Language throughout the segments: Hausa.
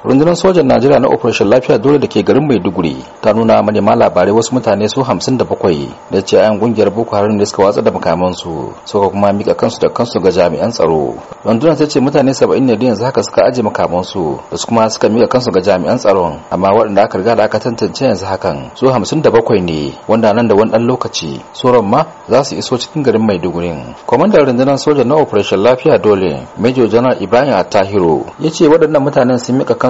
rundunar sojan najeriya na operation lafiya dole da ke garin maiduguri ta nuna manema labarai wasu mutane su hamsin da bakwai da ce 'yan gungiyar boko haram da suka watsa da makamansu suka kuma mika kansu da kansu ga jami'an tsaro rundunar ta ce mutane saba'in ne yanzu haka suka aje makamansu da su kuma suka mika kansu ga jami'an tsaron amma waɗanda aka riga da aka tantance yanzu hakan su hamsin da bakwai ne wanda nan da wani ɗan lokaci sauran ma za su iso cikin garin maiduguri kwamandan rundunar sojan na operation lafiya dole major general ibrahim atahiro ya ce waɗannan mutanen sun mika kansu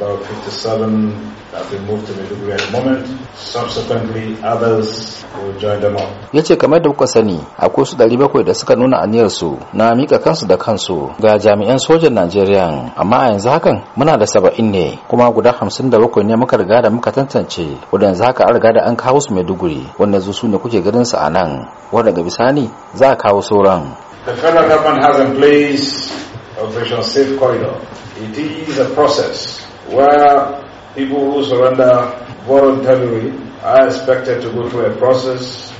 about 57 that we moved to Maiduguri at the moment. Subsequently, others will join them up. Ya ce kamar da kuka sani akwai su bakwai da suka nuna aniyarsu na mika kansu da kansu ga jami'an sojan Najeriya amma a yanzu hakan muna da saba'in ne kuma guda hamsin da bakwai ne muka riga da muka tantance wanda yanzu haka an riga da an kawo su Maiduguri wanda su ne kuke ganin su a nan wanda ga bisani za a kawo sauran. The federal government has in place Operation Safe Corridor. It is a process where people who surrender voluntarily are expected to go through a process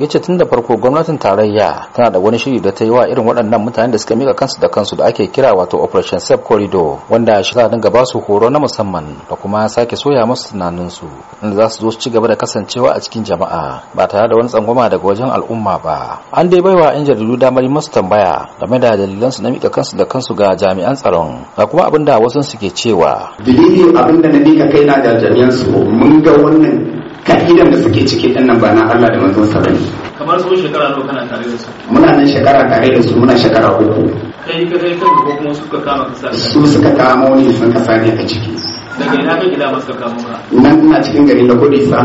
ya ce tun da farko gwamnatin tarayya tana da wani shiri da ta yi wa irin waɗannan mutane da suka mika kansu da kansu da ake kira wato operation safe corridor wanda shi za dinga ba su horo na musamman da kuma sake soya masu tunaninsu inda za su zo su ci gaba da kasancewa a cikin jama'a ba tare da wani tsangwama daga wajen al'umma ba an dai baiwa yan jaridu damar masu tambaya game da dalilansu na mika kansu da kansu ga jami'an tsaron ga kuma abin da wasu suke cewa dalilin abin na mika kaina da jami'an su mun ga wannan ka'idan da suke ciki ɗan nan ba na Allah da manzon sa bane kamar sun shekara nawa kana tare da su muna nan shekara tare da su muna shekara uku kai ka kai kanka ko kuma suka kama ka su suka kama ni sun kasa ne a ciki daga ina ka gida masu kama ka nan ina cikin gari na sa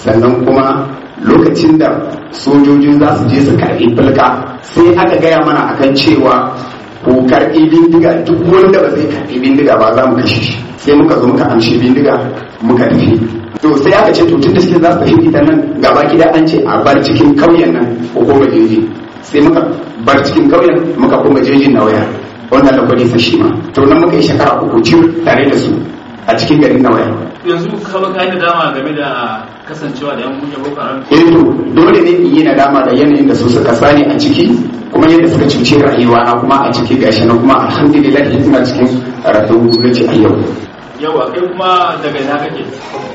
sannan kuma lokacin da sojojin za su je su karɓi bulka sai aka gaya mana akan cewa ko karɓi bindiga duk wanda ba zai karɓi bindiga ba za mu kashe shi sai muka zo muka amshi bindiga muka tafi to sai aka ce to tun da suke za su tafi ita nan gaba gida an ce a bar cikin kauyen nan ko kuma jeji sai muka bar cikin kauyen muka kuma jejin na waya wannan da kwani sashi ma to nan muka yi shekara uku tare da su a cikin garin nawa yanzu kama da dama game da kasancewa da yan kungiyar boko haram eh dole ne in yi nadama da yanayin da su suka sani a ciki kuma yadda suka cuce rayuwa na kuma a ciki gashi na kuma alhamdulillah ina cikin rayuwar ci a yau yawa kai kuma daga ina kake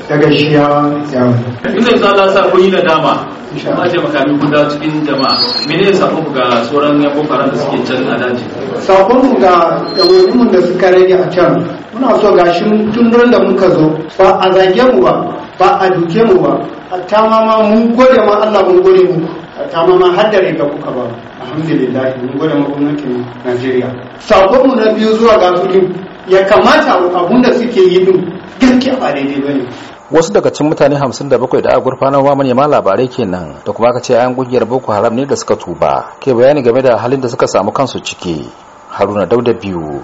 daga shiyawa yawa inda za ta sa kun yi nadama kuma ce makami guda cikin jama'a mene sakon ku ga sauran yan boko da suke can a daji sakon mu ga mun da suka rage a can muna so gashin tun da muka zo ba a zage mu ba ba a duke mu ba hatta ma ma mun gode ma Allah mun gode mu hatta ma ma haddare ga kuka ba alhamdulillah mun gode ma gwamnatin Najeriya sakon mu na biyu zuwa ga filin ya kamata abun da suke yi din gaskiya ba daidai bane wasu daga cikin mutane 57 da aka gurfanar wa manema labarai kenan da kuma aka ce ayan kungiyar boko haram ne da suka tuba ke bayani game da halin da suka samu kansu ciki haruna dauda biyu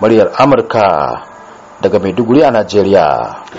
muryar amurka daga maiduguri a najeriya